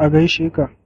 a gaishe ka